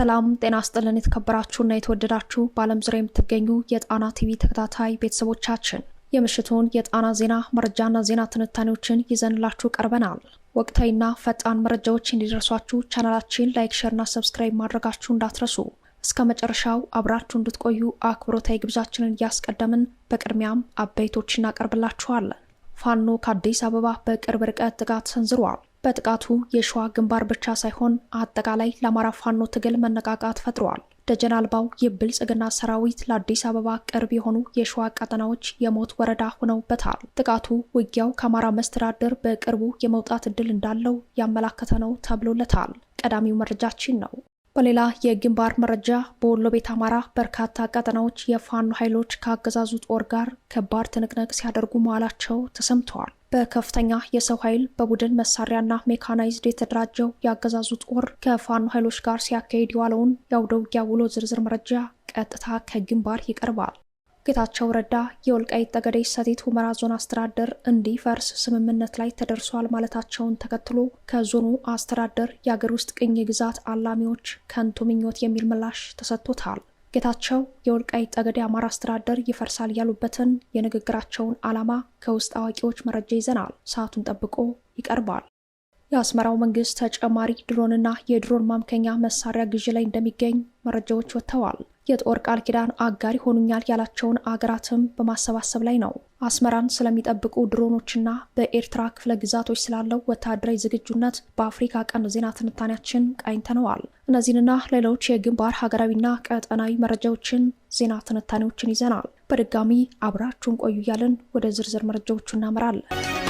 ሰላም ጤና ስጥልን። የተከበራችሁና የተወደዳችሁ በዓለም ዙሪያ የምትገኙ የጣና ቲቪ ተከታታይ ቤተሰቦቻችን የምሽቱን የጣና ዜና መረጃና ዜና ትንታኔዎችን ይዘንላችሁ ቀርበናል። ወቅታዊና ፈጣን መረጃዎች እንዲደርሷችሁ ቻናላችን ላይክ፣ ሸርና ሰብስክራይብ ማድረጋችሁ እንዳትረሱ እስከ መጨረሻው አብራችሁ እንድትቆዩ አክብሮታዊ ግብዣችንን እያስቀደምን በቅድሚያም አበይቶች እናቀርብላችኋለን። ፋኖ ከአዲስ አበባ በቅርብ ርቀት ጥቃት ሰንዝሯል። በጥቃቱ የሸዋ ግንባር ብቻ ሳይሆን አጠቃላይ ለአማራ ፋኖ ትግል መነቃቃት ፈጥረዋል። ደጀን አልባው የብልጽግና ሰራዊት ለአዲስ አበባ ቅርብ የሆኑ የሸዋ ቀጠናዎች የሞት ወረዳ ሆነውበታል። ጥቃቱ ውጊያው ከአማራ መስተዳደር በቅርቡ የመውጣት ዕድል እንዳለው ያመላከተ ነው ተብሎለታል። ቀዳሚው መረጃችን ነው። በሌላ የግንባር መረጃ በወሎ ቤት አማራ በርካታ ቀጠናዎች የፋኖ ኃይሎች ከአገዛዙ ጦር ጋር ከባድ ትንቅንቅ ሲያደርጉ መዋላቸው ተሰምተዋል። በከፍተኛ የሰው ኃይል በቡድን መሳሪያና ሜካናይዝድ የተደራጀው የአገዛዙ ጦር ከፋኖ ኃይሎች ጋር ሲያካሂድ የዋለውን የአውደ ውጊያ ውሎ ዝርዝር መረጃ ቀጥታ ከግንባር ይቀርባል። ጌታቸው ረዳ የወልቃይት ጠገዴ ሰቲት ሁመራ ዞን አስተዳደር እንዲፈርስ ስምምነት ላይ ተደርሷል ማለታቸውን ተከትሎ ከዞኑ አስተዳደር የአገር ውስጥ ቅኝ ግዛት አላሚዎች ከንቱ ምኞት የሚል ምላሽ ተሰጥቶታል። ጌታቸው የወልቃይት ጠገዴ አማራ አስተዳደር ይፈርሳል ያሉበትን የንግግራቸውን ዓላማ ከውስጥ አዋቂዎች መረጃ ይዘናል። ሰዓቱን ጠብቆ ይቀርባል። የአስመራው መንግስት ተጨማሪ ድሮንና የድሮን ማምከኛ መሳሪያ ግዢ ላይ እንደሚገኝ መረጃዎች ወጥተዋል። የጦር ቃል ኪዳን አጋር ይሆኑኛል ያላቸውን አገራትም በማሰባሰብ ላይ ነው። አስመራን ስለሚጠብቁ ድሮኖችና በኤርትራ ክፍለ ግዛቶች ስላለው ወታደራዊ ዝግጁነት በአፍሪካ ቀንድ ዜና ትንታኔያችን ቃኝተነዋል። እነዚህንና ሌሎች የግንባር ሀገራዊና ቀጠናዊ መረጃዎችን፣ ዜና ትንታኔዎችን ይዘናል። በድጋሚ አብራችሁን ቆዩ እያልን ወደ ዝርዝር መረጃዎቹ እናመራለን።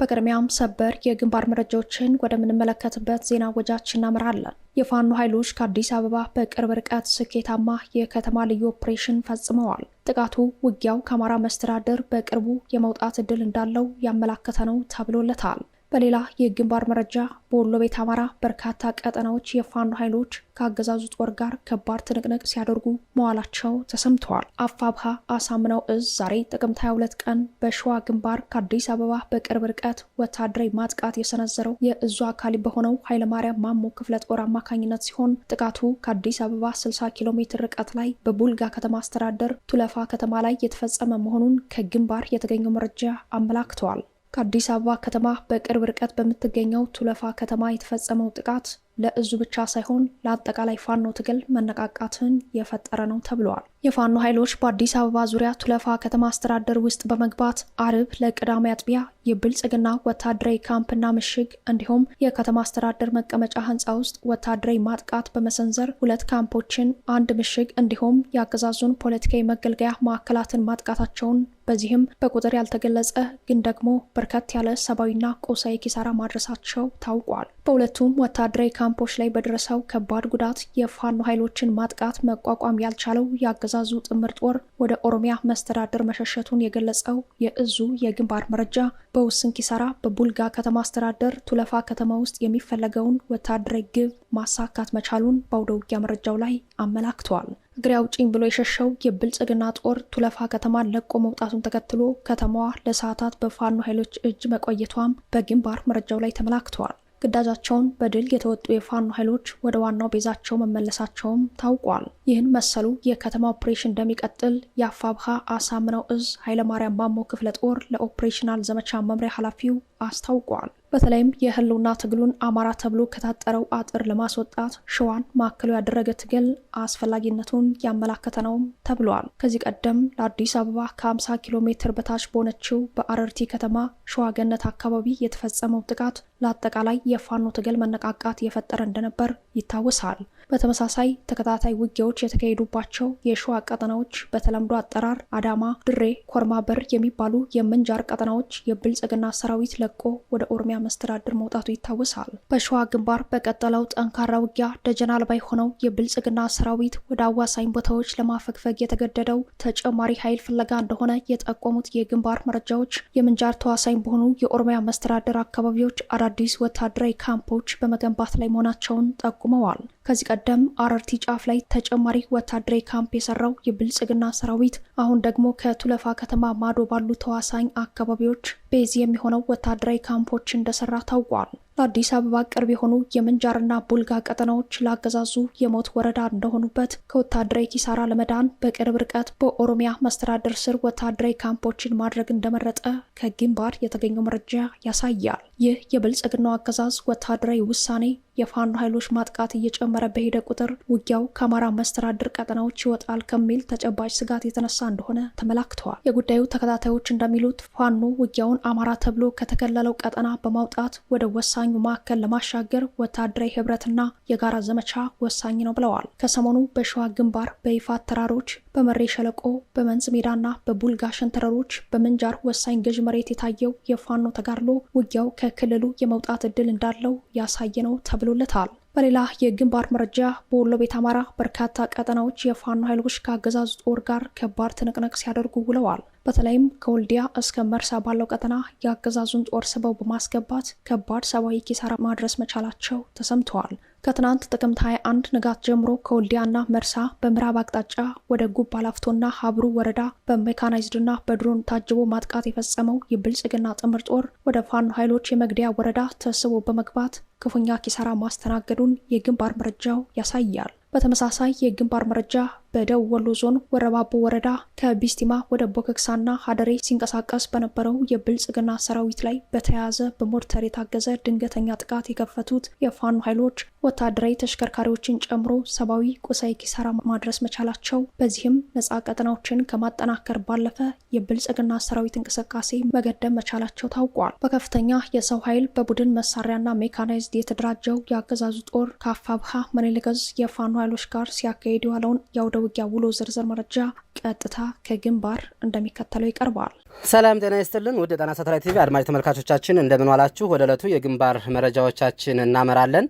በቅድሚያም ሰበር የግንባር መረጃዎችን ወደምንመለከትበት ዜና ወጃችን እናምራለን። የፋኖ ኃይሎች ከአዲስ አበባ በቅርብ ርቀት ስኬታማ የከተማ ልዩ ኦፕሬሽን ፈጽመዋል። ጥቃቱ ውጊያው ከአማራ መስተዳደር በቅርቡ የመውጣት ዕድል እንዳለው ያመላከተ ነው ተብሎለታል። በሌላ የግንባር መረጃ በወሎ ቤት አማራ በርካታ ቀጠናዎች የፋኖ ኃይሎች ከአገዛዙ ጦር ጋር ከባድ ትንቅንቅ ሲያደርጉ መዋላቸው ተሰምተዋል። አፋብሃ አሳምነው እዝ ዛሬ ጥቅምት 22 ቀን በሸዋ ግንባር ከአዲስ አበባ በቅርብ ርቀት ወታደራዊ ማጥቃት የሰነዘረው የእዙ አካል በሆነው ኃይለማርያም ማሞ ክፍለ ጦር አማካኝነት ሲሆን ጥቃቱ ከአዲስ አበባ 60 ኪሎ ሜትር ርቀት ላይ በቡልጋ ከተማ አስተዳደር ቱለፋ ከተማ ላይ የተፈጸመ መሆኑን ከግንባር የተገኘው መረጃ አመላክተዋል። ከአዲስ አበባ ከተማ በቅርብ ርቀት በምትገኘው ቱለፋ ከተማ የተፈጸመው ጥቃት ለእዙ ብቻ ሳይሆን ለአጠቃላይ ፋኖ ትግል መነቃቃትን የፈጠረ ነው ተብለዋል። የፋኖ ኃይሎች በአዲስ አበባ ዙሪያ ቱለፋ ከተማ አስተዳደር ውስጥ በመግባት አርብ ለቅዳሜ አጥቢያ የብልጽግና ወታደራዊ ካምፕና ምሽግ እንዲሁም የከተማ አስተዳደር መቀመጫ ሕንፃ ውስጥ ወታደራዊ ማጥቃት በመሰንዘር ሁለት ካምፖችን፣ አንድ ምሽግ እንዲሁም የአገዛዙን ፖለቲካዊ መገልገያ ማዕከላትን ማጥቃታቸውን በዚህም በቁጥር ያልተገለጸ ግን ደግሞ በርከት ያለ ሰብአዊና ቁሳዊ ኪሳራ ማድረሳቸው ታውቋል። በሁለቱም ወታደራዊ ካምፖች ላይ በደረሰው ከባድ ጉዳት የፋኖ ኃይሎችን ማጥቃት መቋቋም ያልቻለው የአገዛዙ ጥምር ጦር ወደ ኦሮሚያ መስተዳደር መሸሸቱን የገለጸው የእዙ የግንባር መረጃ በውስን ኪሳራ በቡልጋ ከተማ አስተዳደር ቱለፋ ከተማ ውስጥ የሚፈለገውን ወታደራዊ ግብ ማሳካት መቻሉን በአውደ ውጊያ መረጃው ላይ አመላክተዋል። እግሬ አውጪኝ ብሎ የሸሸው የብልጽግና ጦር ቱለፋ ከተማን ለቆ መውጣቱን ተከትሎ ከተማዋ ለሰዓታት በፋኖ ኃይሎች እጅ መቆየቷም በግንባር መረጃው ላይ ተመላክተዋል። ግዳጃቸውን በድል የተወጡ የፋኖ ኃይሎች ወደ ዋናው ቤዛቸው መመለሳቸውም ታውቋል። ይህን መሰሉ የከተማ ኦፕሬሽን እንደሚቀጥል የአፋብሃ አሳምነው እዝ ኃይለማርያም ማሞ ክፍለ ጦር ለኦፕሬሽናል ዘመቻ መምሪያ ኃላፊው አስታውቋል። በተለይም የህልውና ትግሉን አማራ ተብሎ ከታጠረው አጥር ለማስወጣት ሸዋን ማዕከሉ ያደረገ ትግል አስፈላጊነቱን ያመላከተ ነውም ተብሏል። ከዚህ ቀደም ለአዲስ አበባ ከ50 ኪሎ ሜትር በታች በሆነችው በአረርቲ ከተማ ሸዋገነት አካባቢ የተፈጸመው ጥቃት ለአጠቃላይ የፋኖ ትግል መነቃቃት የፈጠረ እንደነበር ይታወሳል። በተመሳሳይ ተከታታይ ውጊያዎች የተካሄዱባቸው የሸዋ ቀጠናዎች በተለምዶ አጠራር አዳማ፣ ድሬ፣ ኮርማ በር የሚባሉ የምንጃር ቀጠናዎች የብልጽግና ሰራዊት ለቆ ወደ ኦሮሚያ መስተዳድር መውጣቱ ይታወሳል። በሸዋ ግንባር በቀጠለው ጠንካራ ውጊያ ደጀን አልባ የሆነው የብልጽግና ሰራዊት ወደ አዋሳኝ ቦታዎች ለማፈግፈግ የተገደደው ተጨማሪ ኃይል ፍለጋ እንደሆነ የጠቆሙት የግንባር መረጃዎች የምንጃር ተዋሳኝ በሆኑ የኦሮሚያ መስተዳደር አካባቢዎች አዳዲስ ወታደራዊ ካምፖች በመገንባት ላይ መሆናቸውን ጠቁመዋል። ከዚህ ቀደም አረርቲ ጫፍ ላይ ተጨማሪ ወታደራዊ ካምፕ የሰራው የብልጽግና ሰራዊት አሁን ደግሞ ከቱለፋ ከተማ ማዶ ባሉ ተዋሳኝ አካባቢዎች ቤዝ የሚሆነው ወታደራዊ ካምፖች እንደሰራ ታውቋል። ለአዲስ አበባ ቅርብ የሆኑ የምንጃርና ቡልጋ ቀጠናዎች ለአገዛዙ የሞት ወረዳ እንደሆኑበት ከወታደራዊ ኪሳራ ለመዳን በቅርብ ርቀት በኦሮሚያ መስተዳደር ስር ወታደራዊ ካምፖችን ማድረግ እንደመረጠ ከግንባር የተገኘው መረጃ ያሳያል። ይህ የብልጽግናው አገዛዝ ወታደራዊ ውሳኔ የፋኖ ኃይሎች ማጥቃት እየጨመረ በሄደ ቁጥር ውጊያው ከአማራ መስተዳድር ቀጠናዎች ይወጣል ከሚል ተጨባጭ ስጋት የተነሳ እንደሆነ ተመላክተዋል። የጉዳዩ ተከታታዮች እንደሚሉት ፋኖ ውጊያውን አማራ ተብሎ ከተከለለው ቀጠና በማውጣት ወደ ወሳኝ ወሳኙ ማዕከል ለማሻገር ወታደራዊ ህብረትና የጋራ ዘመቻ ወሳኝ ነው ብለዋል። ከሰሞኑ በሸዋ ግንባር በይፋት ተራሮች፣ በመሬ ሸለቆ፣ በመንዝ ሜዳና በቡልጋ ሸንተረሮች፣ በምንጃር ወሳኝ ገዥ መሬት የታየው የፋኖ ተጋድሎ ውጊያው ከክልሉ የመውጣት ዕድል እንዳለው ያሳየ ነው ተብሎለታል። በሌላ የግንባር መረጃ በወሎ ቤት አማራ በርካታ ቀጠናዎች የፋኖ ኃይሎች ከአገዛዙ ጦር ጋር ከባድ ትንቅንቅ ሲያደርጉ ውለዋል። በተለይም ከወልዲያ እስከ መርሳ ባለው ቀጠና የአገዛዙን ጦር ስበው በማስገባት ከባድ ሰብአዊ ኪሳራ ማድረስ መቻላቸው ተሰምተዋል። ከትናንት ጥቅምት 21 ንጋት ጀምሮ ከወልዲያና መርሳ በምዕራብ አቅጣጫ ወደ ጉባ ላፍቶና ሀብሩ ወረዳ በሜካናይዝድና በድሮን ታጅቦ ማጥቃት የፈጸመው የብልጽግና ጥምር ጦር ወደ ፋኖ ኃይሎች የመግደያ ወረዳ ተስቦ በመግባት ክፉኛ ኪሳራ ማስተናገዱን የግንባር መረጃው ያሳያል። በተመሳሳይ የግንባር መረጃ በደቡብ ወሎ ዞን ወረባቦ ወረዳ ከቢስቲማ ወደ ቦከክሳና ሀደሬ ሲንቀሳቀስ በነበረው የብልጽግና ሰራዊት ላይ በተያያዘ በሞርተር የታገዘ ድንገተኛ ጥቃት የከፈቱት የፋኖ ኃይሎች ወታደራዊ ተሽከርካሪዎችን ጨምሮ ሰብአዊ፣ ቁሳዊ ኪሳራ ማድረስ መቻላቸው፣ በዚህም ነጻ ቀጠናዎችን ከማጠናከር ባለፈ የብልጽግና ሰራዊት እንቅስቃሴ መገደብ መቻላቸው ታውቋል። በከፍተኛ የሰው ኃይል በቡድን መሳሪያና ሜካናይዝድ የተደራጀው የአገዛዙ ጦር ከአፋብሃ መኔልገዝ የፋኖ ኃይሎች ጋር ሲያካሄድ የዋለውን ያውደ ውጊያ ውሎ ዝርዝር መረጃ ቀጥታ ከግንባር እንደሚከተለው ይቀርበዋል። ሰላም ጤና ይስጥልን ውድ ጣና ሳተላይት ቲቪ አድማጭ ተመልካቾቻችን እንደምን ዋላችሁ። ወደ ዕለቱ የግንባር መረጃዎቻችን እናመራለን።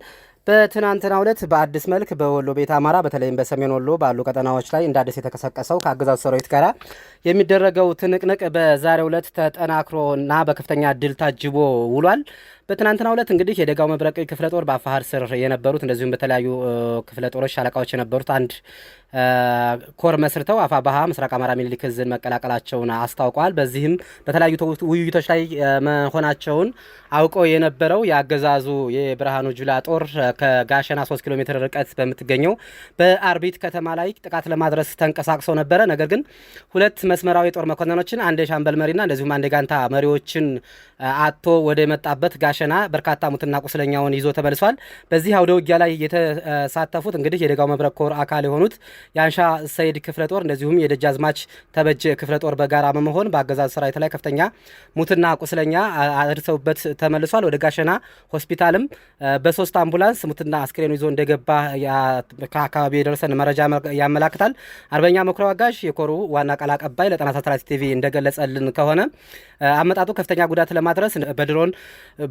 በትናንትናው ዕለት በአዲስ መልክ በወሎ ቤት አማራ በተለይም በሰሜን ወሎ ባሉ ቀጠናዎች ላይ እንደ አዲስ የተቀሰቀሰው ከአገዛዙ ሰራዊት ጋር የሚደረገው ትንቅንቅ በዛሬው ዕለት ተጠናክሮና በከፍተኛ ድል ታጅቦ ውሏል። በትናንትናው ዕለት እንግዲህ የደጋው መብረቅ ክፍለ ጦር በአፋሀር ስር የነበሩት እንደዚሁም በተለያዩ ክፍለ ጦሮች ሻለቃዎች የነበሩት አንድ ኮር መስርተው አፋባሃ ምስራቅ አማራ ሚኒሊክ ህዝን መቀላቀላቸውን አስታውቀዋል። በዚህም በተለያዩ ውይይቶች ላይ መሆናቸውን አውቀው የነበረው የአገዛዙ የብርሃኑ ጁላ ጦር ከጋሸና 3 ኪሎ ሜትር ርቀት በምትገኘው በአርቢት ከተማ ላይ ጥቃት ለማድረስ ተንቀሳቅሰው ነበረ። ነገር ግን ሁለት መስመራዊ የጦር መኮንኖችን አንድ የሻምበል መሪና እንደዚሁም አንድ የጋንታ መሪዎችን አቶ ወደ መጣበት ጋሸ አሸና በርካታ ሙትና ቁስለኛውን ይዞ ተመልሷል። በዚህ አውደ ውጊያ ላይ የተሳተፉት እንግዲህ የደጋው መብረቅ ኮር አካል የሆኑት የአንሻ ሰይድ ክፍለ ጦር እንደዚሁም የደጃዝማች ተበጀ ክፍለ ጦር በጋራ በመሆን በአገዛዝ ሰራዊት ላይ ከፍተኛ ሙትና ቁስለኛ አድርሰውበት ተመልሷል። ወደ ጋሸና ሆስፒታልም በሶስት አምቡላንስ ሙትና አስክሬኑ ይዞ እንደገባ ከአካባቢ የደረሰን መረጃ ያመላክታል። አርበኛ መኩሪያ አጋዥ የኮሩ ዋና ቃል አቀባይ ለጣና ሳተላይት ቲቪ እንደገለጸልን ከሆነ አመጣጡ ከፍተኛ ጉዳት ለማድረስ በድሮን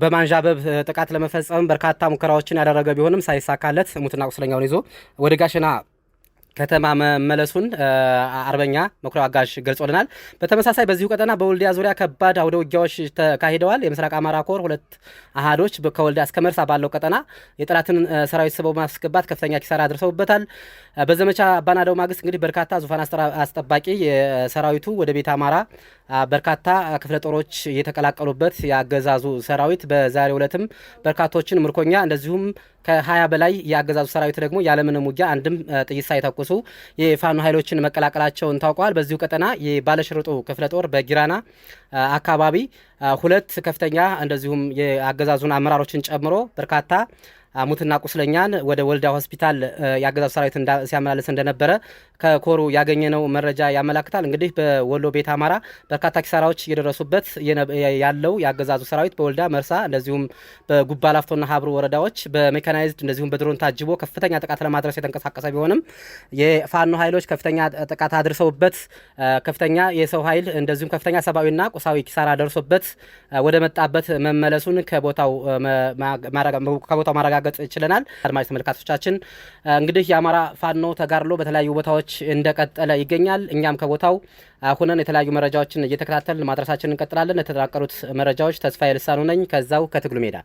በማ ማንዣበብ ጥቃት ለመፈጸም በርካታ ሙከራዎችን ያደረገ ቢሆንም ሳይሳካለት ሙትና ቁስለኛውን ይዞ ወደ ጋሸና ከተማ መመለሱን አርበኛ መኩሪያ አጋዥ ገልጾልናል። በተመሳሳይ በዚሁ ቀጠና በወልዲያ ዙሪያ ከባድ አውደ ውጊያዎች ተካሂደዋል። የምስራቅ አማራ ኮር ሁለት አሃዶች ከወልዲያ እስከ መርሳ ባለው ቀጠና የጠላትን ሰራዊት ስበው ማስገባት ከፍተኛ ኪሳራ አድርሰውበታል። በዘመቻ አባናደው ማግስት እንግዲህ በርካታ ዙፋን አስጠባቂ ሰራዊቱ ወደ ቤት አማራ በርካታ ክፍለ ጦሮች የተቀላቀሉበት የአገዛዙ ሰራዊት በዛሬው ዕለትም በርካቶችን ምርኮኛ እንደዚሁም ከ በላይ የአገዛዙ ሰራዊት ደግሞ ያለምንም ውጊያ አንድም ጥይት ሳይተኩሱ የፋኖ ኃይሎችን መቀላቀላቸውን ታውቋል። በዚሁ ቀጠና የባለሽርጡ ክፍለ ጦር በጊራና አካባቢ ሁለት ከፍተኛ እንደዚሁም የአገዛዙን አመራሮችን ጨምሮ በርካታ ሙትና ቁስለኛን ወደ ወልዳ ሆስፒታል የአገዛዙ ሰራዊት ሲያመላልስ እንደነበረ ከኮሩ ያገኘነው መረጃ ያመላክታል። እንግዲህ በወሎ ቤት አማራ በርካታ ኪሳራዎች እየደረሱበት ያለው የአገዛዙ ሰራዊት በወልዳ መርሳ፣ እንደዚሁም በጉባላፍቶና ሀብሩ ወረዳዎች በሜካናይዝድ እንደዚሁም በድሮን ታጅቦ ከፍተኛ ጥቃት ለማድረስ የተንቀሳቀሰ ቢሆንም የፋኖ ኃይሎች ከፍተኛ ጥቃት አድርሰውበት ከፍተኛ የሰው ኃይል እንደዚሁም ከፍተኛ ሰብአዊና ቁሳዊ ኪሳራ ደርሶበት ወደ መጣበት መመለሱን ከቦታው ማረጋገጥ ችለናል። አድማጭ ተመልካቶቻችን እንግዲህ የአማራ ፋኖ ተጋድሎ በተለያዩ ቦታዎች መረጃዎች እንደቀጠለ ይገኛል። እኛም ከቦታው ሁነን የተለያዩ መረጃዎችን እየተከታተልን ማድረሳችን እንቀጥላለን። የተጠናቀሩት መረጃዎች ተስፋዬ ልሳኑ ነኝ ከዛው ከትግሉ ሜዳ።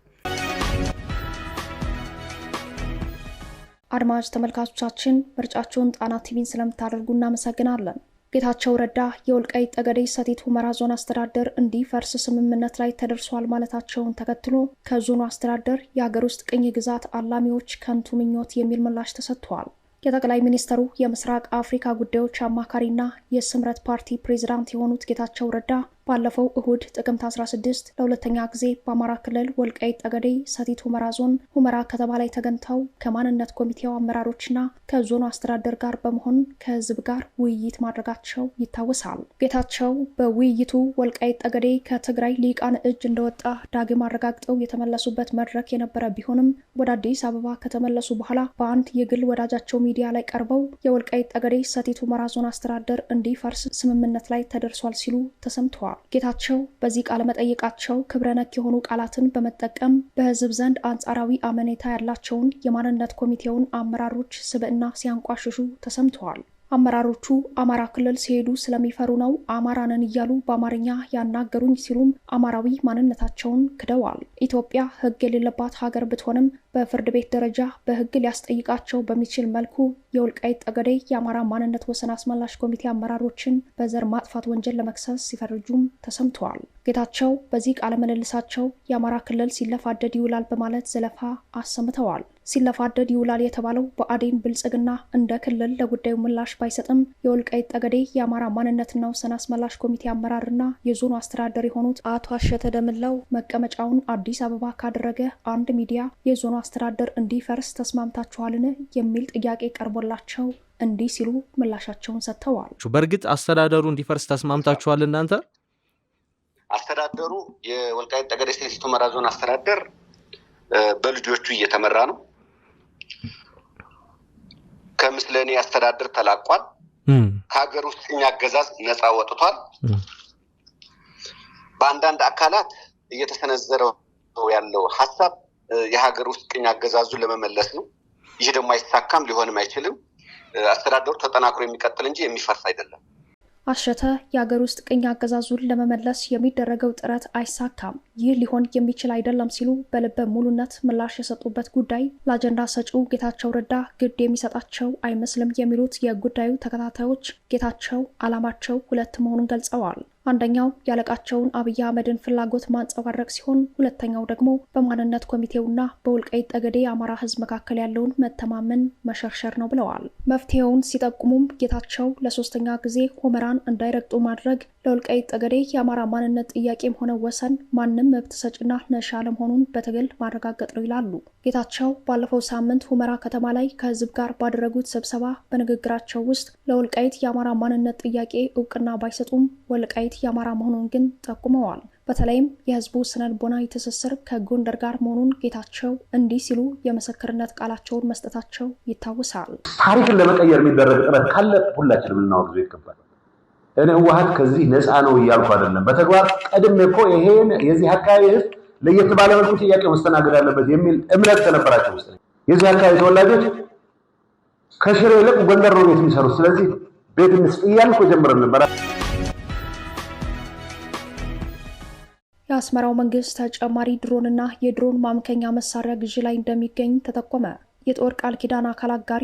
አድማጭ ተመልካቾቻችን ምርጫችሁን ጣና ቲቪን ስለምታደርጉ እናመሰግናለን። ጌታቸው ረዳ የወልቃይት ጠገዴ ሰቲት ሁመራ ዞን አስተዳደር እንዲፈርስ ስምምነት ላይ ተደርሷል ማለታቸውን ተከትሎ ከዞኑ አስተዳደር የሀገር ውስጥ ቅኝ ግዛት አላሚዎች ከንቱ ምኞት የሚል ምላሽ ተሰጥቷል። የጠቅላይ ሚኒስትሩ የምስራቅ አፍሪካ ጉዳዮች አማካሪና የስምረት ፓርቲ ፕሬዝዳንት የሆኑት ጌታቸው ረዳ ባለፈው እሁድ ጥቅምት 16 ለሁለተኛ ጊዜ በአማራ ክልል ወልቃይት ጠገዴ ሰቲት ሁመራ ዞን ሁመራ ከተማ ላይ ተገኝተው ከማንነት ኮሚቴው አመራሮችና ከዞኑ አስተዳደር ጋር በመሆን ከህዝብ ጋር ውይይት ማድረጋቸው ይታወሳል። ጌታቸው በውይይቱ ወልቃይት ጠገዴ ከትግራይ ሊቃን እጅ እንደወጣ ዳግም አረጋግጠው የተመለሱበት መድረክ የነበረ ቢሆንም ወደ አዲስ አበባ ከተመለሱ በኋላ በአንድ የግል ወዳጃቸው ሚዲያ ላይ ቀርበው የወልቃይት ጠገዴ ሰቲት ሁመራ ዞን አስተዳደር እንዲፈርስ ስምምነት ላይ ተደርሷል ሲሉ ተሰምተዋል። ጌታቸው በዚህ ቃለ መጠይቃቸው ክብረነክ የሆኑ ቃላትን በመጠቀም በህዝብ ዘንድ አንጻራዊ አመኔታ ያላቸውን የማንነት ኮሚቴውን አመራሮች ስብዕና ሲያንቋሽሹ ተሰምተዋል። አመራሮቹ አማራ ክልል ሲሄዱ ስለሚፈሩ ነው አማራንን እያሉ በአማርኛ ያናገሩኝ ሲሉም አማራዊ ማንነታቸውን ክደዋል። ኢትዮጵያ ሕግ የሌለባት ሀገር ብትሆንም በፍርድ ቤት ደረጃ በሕግ ሊያስጠይቃቸው በሚችል መልኩ የወልቃይት ጠገዴ የአማራ ማንነት ወሰን አስመላሽ ኮሚቴ አመራሮችን በዘር ማጥፋት ወንጀል ለመክሰስ ሲፈርጁም ተሰምተዋል። ጌታቸው በዚህ ቃለ ምልልሳቸው የአማራ ክልል ሲለፋደድ ይውላል በማለት ዘለፋ አሰምተዋል። ሲለፋደድ ይውላል የተባለው በአዴን ብልጽግና እንደ ክልል ለጉዳዩ ምላሽ ባይሰጥም የወልቃይት ጠገዴ የአማራ ማንነትና ወሰን አስመላሽ ኮሚቴ አመራርና የዞኑ አስተዳደር የሆኑት አቶ አሸተ ደምለው መቀመጫውን አዲስ አበባ ካደረገ አንድ ሚዲያ የዞኑ አስተዳደር እንዲፈርስ ተስማምታችኋልን የሚል ጥያቄ ቀርቦላቸው እንዲህ ሲሉ ምላሻቸውን ሰጥተዋል። በእርግጥ አስተዳደሩ እንዲፈርስ ተስማምታችኋል እናንተ አስተዳደሩ የወልቃይት ጠገዴ ሰቲት ሁመራ ዞን አስተዳደር በልጆቹ እየተመራ ነው። ከምስለኔ አስተዳደር ተላቋል። ከሀገር ውስጥኛ አገዛዝ ነፃ ወጥቷል። በአንዳንድ አካላት እየተሰነዘረው ያለው ሀሳብ የሀገር ውስጥ ቅኝ አገዛዙን ለመመለስ ነው። ይህ ደግሞ አይሳካም፣ ሊሆንም አይችልም። አስተዳደሩ ተጠናክሮ የሚቀጥል እንጂ የሚፈርስ አይደለም። አሸተ የአገር ውስጥ ቅኝ አገዛዙን ለመመለስ የሚደረገው ጥረት አይሳካም፣ ይህ ሊሆን የሚችል አይደለም ሲሉ በልበ ሙሉነት ምላሽ የሰጡበት ጉዳይ ለአጀንዳ ሰጪው ጌታቸው ረዳ ግድ የሚሰጣቸው አይመስልም የሚሉት የጉዳዩ ተከታታዮች ጌታቸው ዓላማቸው ሁለት መሆኑን ገልጸዋል። አንደኛው ያለቃቸውን አብይ አህመድን ፍላጎት ማንጸባረቅ ሲሆን ሁለተኛው ደግሞ በማንነት ኮሚቴውና በወልቃይት ጠገዴ የአማራ ሕዝብ መካከል ያለውን መተማመን መሸርሸር ነው ብለዋል። መፍትሄውን ሲጠቁሙም ጌታቸው ለሶስተኛ ጊዜ ሆመራን እንዳይረግጡ ማድረግ ለወልቃይት ጠገዴ የአማራ ማንነት ጥያቄም ሆነ ወሰን ማንም መብት ሰጭና ነሻ አለመሆኑን በትግል ማረጋገጥ ነው ይላሉ ጌታቸው። ባለፈው ሳምንት ሁመራ ከተማ ላይ ከህዝብ ጋር ባደረጉት ስብሰባ በንግግራቸው ውስጥ ለወልቃይት የአማራ ማንነት ጥያቄ እውቅና ባይሰጡም ወልቃይት የአማራ መሆኑን ግን ጠቁመዋል። በተለይም የህዝቡ ስነልቦናዊ ትስስር ከጎንደር ጋር መሆኑን ጌታቸው እንዲህ ሲሉ የምስክርነት ቃላቸውን መስጠታቸው ይታወሳል። ታሪክን ለመቀየር የሚደረግ ጥረት ካለ ሁላችንም ልናወግዘው ይገባል። እኔ ህወሓት ከዚህ ነፃ ነው እያልኩ አይደለም። በተግባር ቀድሜ እኮ ይሄን የዚህ አካባቢ ህዝብ ለየት ባለ መልኩ ጥያቄ መስተናገድ አለበት የሚል እምነት ከነበራቸው ውስጥ የዚህ አካባቢ ተወላጆች ከሽሬ ይልቅ ጎንደር ነው ቤት የሚሰሩት። ስለዚህ ቤት ምስጥ እያልኩ ጀምረን ነበር። የአስመራው መንግስት ተጨማሪ ድሮንና የድሮን ማምከኛ መሳሪያ ግዢ ላይ እንደሚገኝ ተጠቆመ። የጦር ቃል ኪዳን አካል አጋር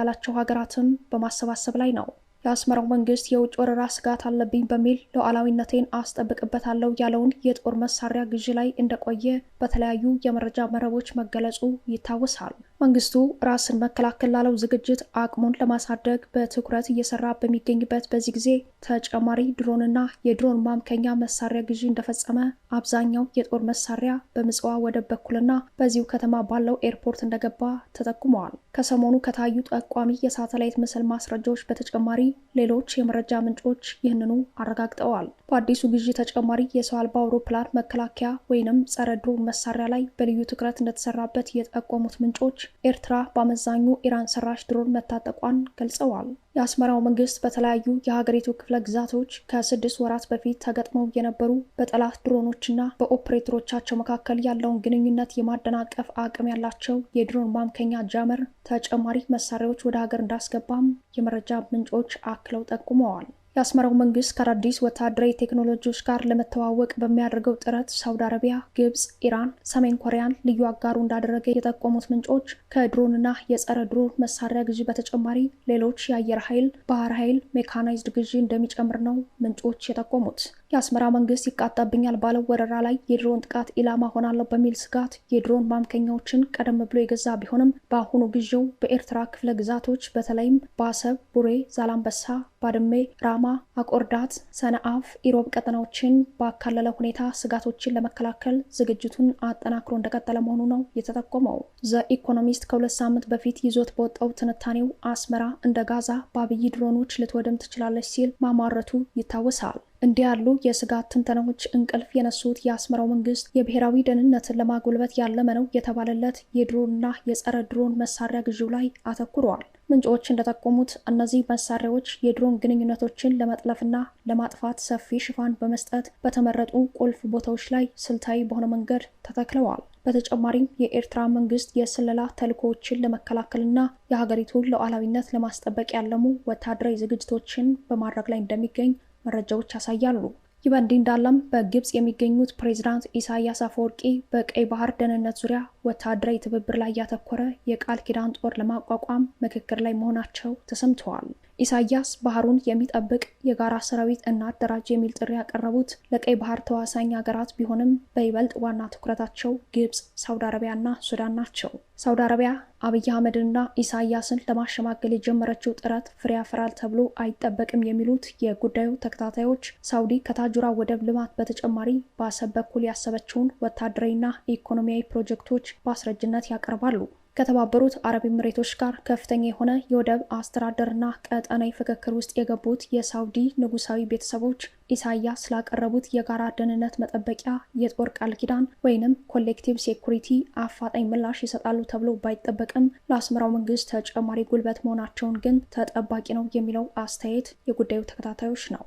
ያላቸው ሀገራትም በማሰባሰብ ላይ ነው። የአስመራው መንግስት የውጭ ወረራ ስጋት አለብኝ በሚል ሉዓላዊነቴን አስጠብቅበታለሁ ያለውን የጦር መሳሪያ ግዢ ላይ እንደቆየ በተለያዩ የመረጃ መረቦች መገለጹ ይታወሳል። መንግስቱ ራስን መከላከል ላለው ዝግጅት አቅሙን ለማሳደግ በትኩረት እየሰራ በሚገኝበት በዚህ ጊዜ ተጨማሪ ድሮንና የድሮን ማምከኛ መሳሪያ ግዢ እንደፈጸመ፣ አብዛኛው የጦር መሳሪያ በምጽዋ ወደብ በኩልና በዚሁ ከተማ ባለው ኤርፖርት እንደገባ ተጠቁመዋል። ከሰሞኑ ከታዩ ጠቋሚ የሳተላይት ምስል ማስረጃዎች በተጨማሪ ሌሎች የመረጃ ምንጮች ይህንኑ አረጋግጠዋል። በአዲሱ ግዢ ተጨማሪ የሰው አልባ አውሮፕላን መከላከያ ወይንም ጸረ ድሮን መሳሪያ ላይ በልዩ ትኩረት እንደተሰራበት የጠቆሙት ምንጮች ኤርትራ በአመዛኙ ኢራን ሰራሽ ድሮን መታጠቋን ገልጸዋል። የአስመራው መንግስት በተለያዩ የሀገሪቱ ክፍለ ግዛቶች ከስድስት ወራት በፊት ተገጥመው የነበሩ በጠላት ድሮኖችና በኦፕሬተሮቻቸው መካከል ያለውን ግንኙነት የማደናቀፍ አቅም ያላቸው የድሮን ማምከኛ ጃመር ተጨማሪ መሳሪያዎች ወደ ሀገር እንዳስገባም የመረጃ ምንጮች አክለው ጠቁመዋል። የአስመራው መንግስት ከአዳዲስ ወታደራዊ ቴክኖሎጂዎች ጋር ለመተዋወቅ በሚያደርገው ጥረት ሳውዲ አረቢያ፣ ግብፅ፣ ኢራን፣ ሰሜን ኮሪያን ልዩ አጋሩ እንዳደረገ የጠቆሙት ምንጮች ከድሮንና የጸረ ድሮን መሳሪያ ግዢ በተጨማሪ ሌሎች የአየር ኃይል፣ ባህር ኃይል፣ ሜካናይዝድ ግዢ እንደሚጨምር ነው ምንጮች የጠቆሙት። የአስመራ መንግስት ይቃጣብኛል ባለው ወረራ ላይ የድሮን ጥቃት ኢላማ ሆናለሁ በሚል ስጋት የድሮን ማምከኛዎችን ቀደም ብሎ የገዛ ቢሆንም በአሁኑ ጊዜው በኤርትራ ክፍለ ግዛቶች በተለይም በአሰብ፣ ቡሬ፣ ዛላምበሳ፣ ባድሜ፣ ራማ፣ አቆርዳት፣ ሰነአፍ፣ ኢሮብ ቀጠናዎችን ባካለለ ሁኔታ ስጋቶችን ለመከላከል ዝግጅቱን አጠናክሮ እንደቀጠለ መሆኑ ነው የተጠቆመው። ዘ ኢኮኖሚስት ከሁለት ሳምንት በፊት ይዞት በወጣው ትንታኔው አስመራ እንደ ጋዛ በአብይ ድሮኖች ልትወድም ትችላለች ሲል ማማረቱ ይታወሳል። እንዲህ ያሉ የስጋት ትንተናዎች እንቅልፍ የነሱት የአስመራው መንግስት የብሔራዊ ደህንነትን ለማጎልበት ያለመ ነው የተባለለት የድሮንና የጸረ ድሮን መሳሪያ ግዢው ላይ አተኩረዋል። ምንጮች እንደጠቆሙት እነዚህ መሳሪያዎች የድሮን ግንኙነቶችን ለመጥለፍና ለማጥፋት ሰፊ ሽፋን በመስጠት በተመረጡ ቁልፍ ቦታዎች ላይ ስልታዊ በሆነ መንገድ ተተክለዋል። በተጨማሪም የኤርትራ መንግስት የስለላ ተልእኮዎችን ለመከላከልና የሀገሪቱን ሉዓላዊነት ለማስጠበቅ ያለሙ ወታደራዊ ዝግጅቶችን በማድረግ ላይ እንደሚገኝ መረጃዎች ያሳያሉ። ይህ በእንዲህ እንዳለም በግብፅ የሚገኙት ፕሬዚዳንት ኢሳያስ አፈወርቂ በቀይ ባህር ደህንነት ዙሪያ ወታደራዊ ትብብር ላይ ያተኮረ የቃል ኪዳን ጦር ለማቋቋም ምክክር ላይ መሆናቸው ተሰምተዋል። ኢሳያስ ባህሩን የሚጠብቅ የጋራ ሰራዊት እናደራጅ የሚል ጥሪ ያቀረቡት ለቀይ ባህር ተዋሳኝ ሀገራት ቢሆንም በይበልጥ ዋና ትኩረታቸው ግብፅ፣ ሳውዲ አረቢያና ሱዳን ናቸው። ሳውዲ አረቢያ አብይ አህመድንና ኢሳያስን ለማሸማገል የጀመረችው ጥረት ፍሬ ያፈራል ተብሎ አይጠበቅም የሚሉት የጉዳዩ ተከታታዮች ሳውዲ ከታጁራ ወደብ ልማት በተጨማሪ በአሰብ በኩል ያሰበችውን ወታደራዊና ኢኮኖሚያዊ ፕሮጀክቶች በአስረጅነት ያቀርባሉ። ከተባበሩት አረብ ኤምሬቶች ጋር ከፍተኛ የሆነ የወደብ አስተዳደርና ቀጠናዊ ፍክክር ውስጥ የገቡት የሳውዲ ንጉሳዊ ቤተሰቦች ኢሳያስ ስላቀረቡት የጋራ ደህንነት መጠበቂያ የጦር ቃል ኪዳን ወይንም ኮሌክቲቭ ሴኩሪቲ አፋጣኝ ምላሽ ይሰጣሉ ተብሎ ባይጠበቅም ለአስመራው መንግስት ተጨማሪ ጉልበት መሆናቸውን ግን ተጠባቂ ነው የሚለው አስተያየት የጉዳዩ ተከታታዮች ነው።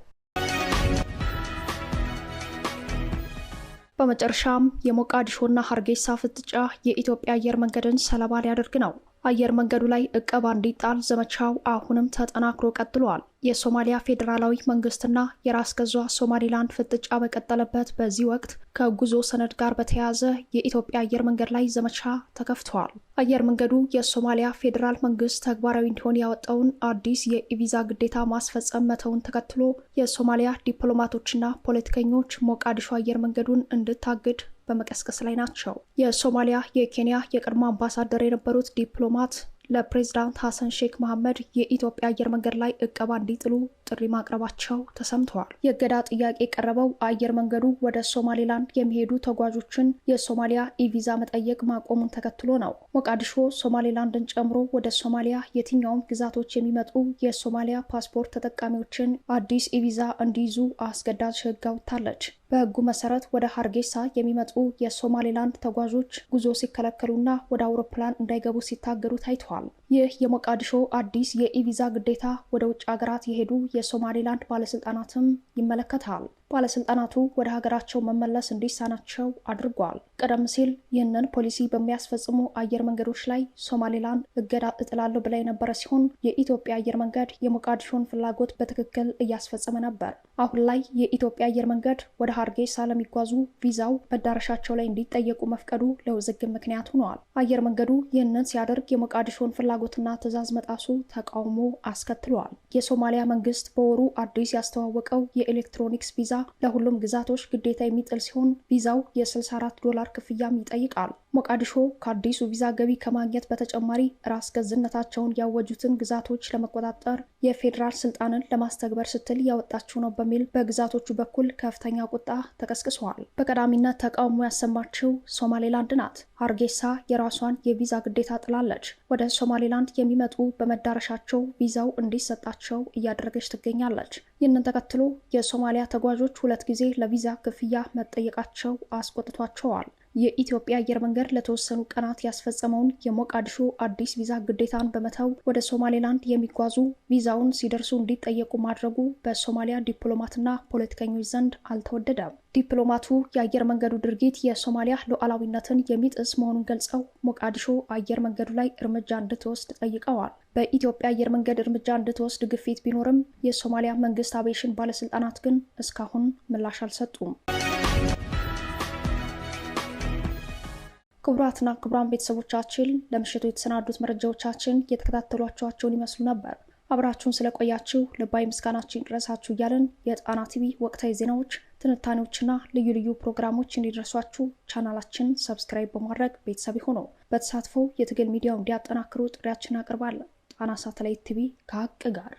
በመጨረሻም የሞቃዲሾና ሀርጌሳ ፍጥጫ የኢትዮጵያ አየር መንገድን ሰለባ ሊያደርግ ነው። አየር መንገዱ ላይ እቀባ እንዲጣል ዘመቻው አሁንም ተጠናክሮ ቀጥሏል። የሶማሊያ ፌዴራላዊ መንግስትና የራስ ገዟ ሶማሊላንድ ፍጥጫ በቀጠለበት በዚህ ወቅት ከጉዞ ሰነድ ጋር በተያያዘ የኢትዮጵያ አየር መንገድ ላይ ዘመቻ ተከፍተዋል። አየር መንገዱ የሶማሊያ ፌዴራል መንግስት ተግባራዊ እንዲሆን ያወጣውን አዲስ የኢቪዛ ግዴታ ማስፈጸም መተውን ተከትሎ የሶማሊያ ዲፕሎማቶችና ፖለቲከኞች ሞቃዲሾ አየር መንገዱን እንድታግድ በመቀስቀስ ላይ ናቸው። የሶማሊያ የኬንያ የቀድሞ አምባሳደር የነበሩት ዲፕሎማት ለፕሬዝዳንት ሐሰን ሼክ መሐመድ የኢትዮጵያ አየር መንገድ ላይ እቀባ እንዲጥሉ ጥሪ ማቅረባቸው ተሰምተዋል። የእገዳ ጥያቄ የቀረበው አየር መንገዱ ወደ ሶማሌላንድ የሚሄዱ ተጓዦችን የሶማሊያ ኢቪዛ መጠየቅ ማቆሙን ተከትሎ ነው። ሞቃዲሾ ሶማሌላንድን ጨምሮ ወደ ሶማሊያ የትኛውም ግዛቶች የሚመጡ የሶማሊያ ፓስፖርት ተጠቃሚዎችን አዲስ ኢቪዛ እንዲይዙ አስገዳጅ ሕግ አውጥታለች። በህጉ መሰረት ወደ ሀርጌሳ የሚመጡ የሶማሌላንድ ተጓዦች ጉዞ ሲከለከሉና ወደ አውሮፕላን እንዳይገቡ ሲታገዱ ታይተዋል። ይህ የሞቃዲሾ አዲስ የኢቪዛ ግዴታ ወደ ውጭ ሀገራት የሄዱ የሶማሌላንድ ባለስልጣናትም ይመለከታል። ባለስልጣናቱ ወደ ሀገራቸው መመለስ እንዲሳናቸው አድርጓል። ቀደም ሲል ይህንን ፖሊሲ በሚያስፈጽሙ አየር መንገዶች ላይ ሶማሌላንድ እገዳ እጥላለሁ ብላ የነበረ ሲሆን የኢትዮጵያ አየር መንገድ የሞቃዲሾን ፍላጎት በትክክል እያስፈጸመ ነበር። አሁን ላይ የኢትዮጵያ አየር መንገድ ወደ ሀርጌሳ ለሚጓዙ ቪዛው መዳረሻቸው ላይ እንዲጠየቁ መፍቀዱ ለውዝግብ ምክንያት ሆኗል። አየር መንገዱ ይህንን ሲያደርግ የሞቃዲሾን ፍላ ፍላጎትና ትዕዛዝ መጣሱ ተቃውሞ አስከትለዋል። የሶማሊያ መንግስት በወሩ አዲስ ያስተዋወቀው የኤሌክትሮኒክስ ቪዛ ለሁሉም ግዛቶች ግዴታ የሚጥል ሲሆን ቪዛው የ64 ዶላር ክፍያም ይጠይቃል። ሞቃዲሾ ከአዲሱ ቪዛ ገቢ ከማግኘት በተጨማሪ ራስ ገዝነታቸውን ያወጁትን ግዛቶች ለመቆጣጠር የፌዴራል ስልጣንን ለማስተግበር ስትል ያወጣችው ነው በሚል በግዛቶቹ በኩል ከፍተኛ ቁጣ ተቀስቅሰዋል። በቀዳሚነት ተቃውሞ ያሰማችው ሶማሌላንድ ናት። ሀርጌሳ የራሷን የቪዛ ግዴታ ጥላለች። ወደ ሶማሌላንድ የሚመጡ በመዳረሻቸው ቪዛው እንዲሰጣቸው እያደረገች ትገኛለች። ይህንን ተከትሎ የሶማሊያ ተጓዦች ሁለት ጊዜ ለቪዛ ክፍያ መጠየቃቸው አስቆጥቷቸዋል። የኢትዮጵያ አየር መንገድ ለተወሰኑ ቀናት ያስፈጸመውን የሞቃዲሾ አዲስ ቪዛ ግዴታን በመተው ወደ ሶማሌላንድ የሚጓዙ ቪዛውን ሲደርሱ እንዲጠየቁ ማድረጉ በሶማሊያ ዲፕሎማትና ፖለቲከኞች ዘንድ አልተወደደም። ዲፕሎማቱ የአየር መንገዱ ድርጊት የሶማሊያ ሉዓላዊነትን የሚጥስ መሆኑን ገልጸው ሞቃዲሾ አየር መንገዱ ላይ እርምጃ እንድትወስድ ጠይቀዋል። በኢትዮጵያ አየር መንገድ እርምጃ እንድትወስድ ግፊት ቢኖርም የሶማሊያ መንግስት አቪዬሽን ባለስልጣናት ግን እስካሁን ምላሽ አልሰጡም። ክቡራትና ክቡራን ቤተሰቦቻችን ለምሽቱ የተሰናዱት መረጃዎቻችን እየተከታተሏቸኋቸውን ይመስሉ ነበር። አብራችሁን ስለቆያችሁ ልባዊ ምስጋናችን ድረሳችሁ እያለን የጣና ቲቪ ወቅታዊ ዜናዎች፣ ትንታኔዎችና ልዩ ልዩ ፕሮግራሞች እንዲደርሷችሁ ቻናላችን ሰብስክራይብ በማድረግ ቤተሰብ ሆኖ በተሳትፎ የትግል ሚዲያው እንዲያጠናክሩ ጥሪያችን አቅርባለን። ጣና ሳተላይት ቲቪ ከሀቅ ጋር